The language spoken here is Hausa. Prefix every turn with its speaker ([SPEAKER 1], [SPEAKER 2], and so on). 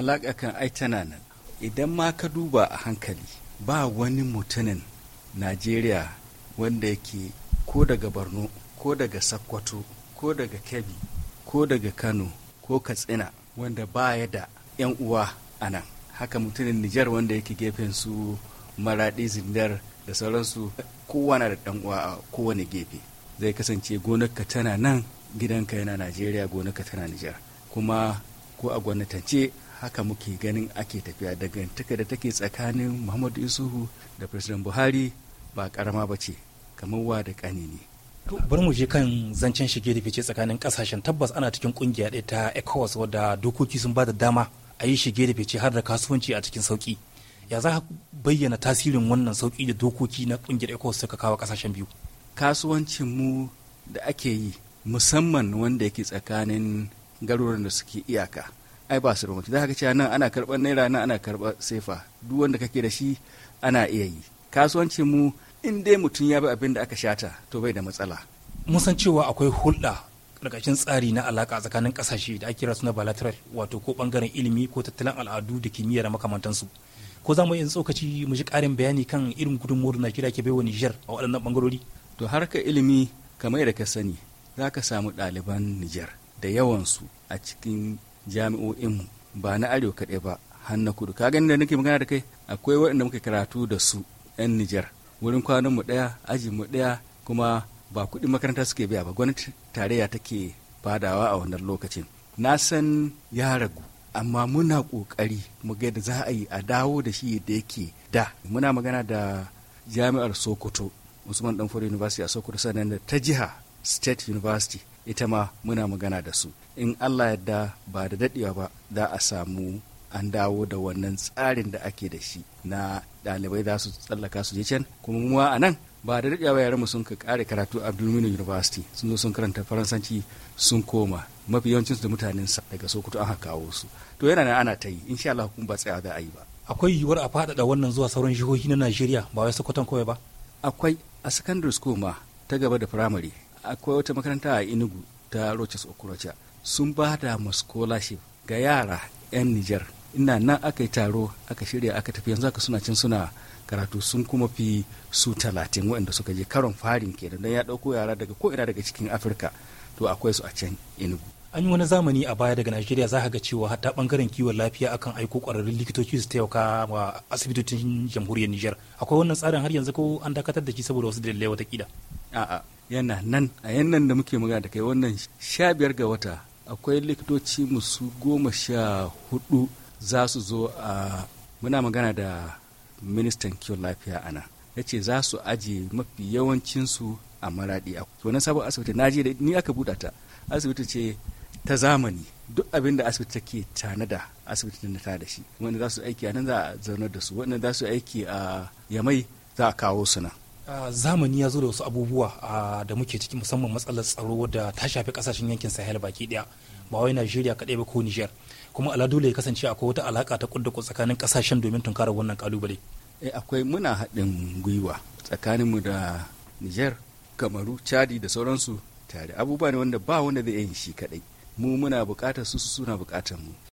[SPEAKER 1] alaƙa kan ai tana nan idan ma ka duba a hankali ba wani mutumin najeriya wanda yake ko daga borno ko daga sakkwato ko daga kebbi ko daga kano ko katsina wanda ya da 'yan uwa a nan haka mutumin nijar wanda yake gefen su maraɗi zindar da sauransu kowane da ɗan uwa a kowane gefe zai kasance gonarka tana nan gidanka yana najeriya gonarka tana nijar kuma ko a gwamnatance haka muke ganin ake tafiya dangantaka da take tsakanin muhammadu isuhu da president
[SPEAKER 2] buhari ba karama ba ce kamar wa da kani ne bari mu je kan zancen shige da fice tsakanin kasashen tabbas ana cikin kungiya ɗaya ta ecowas wadda dokoki sun ba da dama a yi shige da fice har da kasuwanci a cikin sauki ya za a bayyana tasirin wannan sauki da dokoki na kungiyar ecowas suka kawo kasashen biyu kasuwancin mu da ake yi
[SPEAKER 1] musamman wanda yake tsakanin garuruwan da suke iyaka ai ba su da mutu za ka cewa nan ana karɓar naira nan ana karɓar sefa duk wanda kake da shi ana iya yi
[SPEAKER 2] kasuwancin mu in dai mutum ya bi abin da aka shata to bai da matsala mun san cewa akwai hulɗa ƙarƙashin tsari na alaƙa tsakanin ƙasashe da ake rasu na bilateral wato ko ɓangaren ilimi ko tattalin al'adu da kimiyya da makamantansu ko za mu iya tsokaci mu ji ƙarin bayani kan irin gudunmuwar Najeriya ke baiwa Nijar a waɗannan ɓangarori to harkar ilimi kamar yadda ka sani
[SPEAKER 1] za ka samu ɗaliban Nijar da yawansu a cikin mu ba na arewa kaɗai ba har na kudu ka gani da nake magana da kai akwai waɗanda muke karatu da su 'yan nijar wurin kwanan mu ɗaya aji mu ɗaya kuma ba kuɗin makaranta suke biya ba gwamnati tarayya take fadawa a wannan lokacin na san ya ragu amma muna ƙoƙari mu ga da za a yi a dawo da shi da yake da muna magana da jami'ar sokoto usman danfore university a sokoto sannan da ta jiha state university ita ma muna magana da su in allah yadda ba da daɗewa ba za a samu an dawo da wannan tsarin da ake da shi na dalibai za su tsallaka su je can kuma muwa a nan ba da daɗewa yaran mu sun ka karatu a Birnin University sun zo sun karanta Faransanci sun koma mafi yawancin da mutanen sa daga Sokoto an kawo su to yana nan ana ta yi insha Allah kuma ba tsaya za a yi ba akwai yiwuwar a faɗaɗa wannan zuwa sauran jihohi na Najeriya ba wai Sokoton kawai ba akwai a secondary school ma ta gaba da primary akwai wata makaranta a inugu ta rochas okorocha sun ba da scholarship ga yara 'yan nijar ina nan aka yi taro aka shirya aka tafi yanzu aka suna cin suna karatu sun kuma fi su talatin waɗanda suka je karon farin ke don ya ɗauko yara daga ko ina daga cikin afirka to akwai su a can inugu
[SPEAKER 2] an yi wani zamani a baya daga najeriya za ga cewa hatta bangaren kiwon lafiya akan aiko kwararrun likitoci su taimaka wa asibitocin jamhuriyar nijar akwai wannan tsarin har yanzu ko an dakatar da shi saboda wasu dalilai watakila a'a yana nan a yannan da muke magana
[SPEAKER 1] da kai wannan sha biyar ga wata akwai likitoci musu goma sha hudu za su zo a muna magana da ministan kiwon lafiya ana ya ce za su aje mafi yawancinsu a maradi a wannan sabon asibiti na je da ni aka buɗa ta asibiti ce ta zamani duk abin da asibiti take tanada asibiti na ta da shi wanda za su aiki a nan za a zaunar da su wanda za su aiki a yamai za a kawo su nan
[SPEAKER 2] zamani ya zo da wasu abubuwa da muke ciki musamman matsalar tsaro da ta shafi kasashen yankin sahel baki daya ba wai najeriya kadai ba ko niger kuma dole ya kasance akwai wata alaka ta kudda tsakanin kasashen domin tunkarar wannan kalubale eh, akwai muna haɗin
[SPEAKER 1] gwiwa tsakaninmu da niger kamaru chadi da sauransu tare abubuwa ne wanda ba wanda zai yin shi kadai mu muna buƙatar su suna buƙatar mu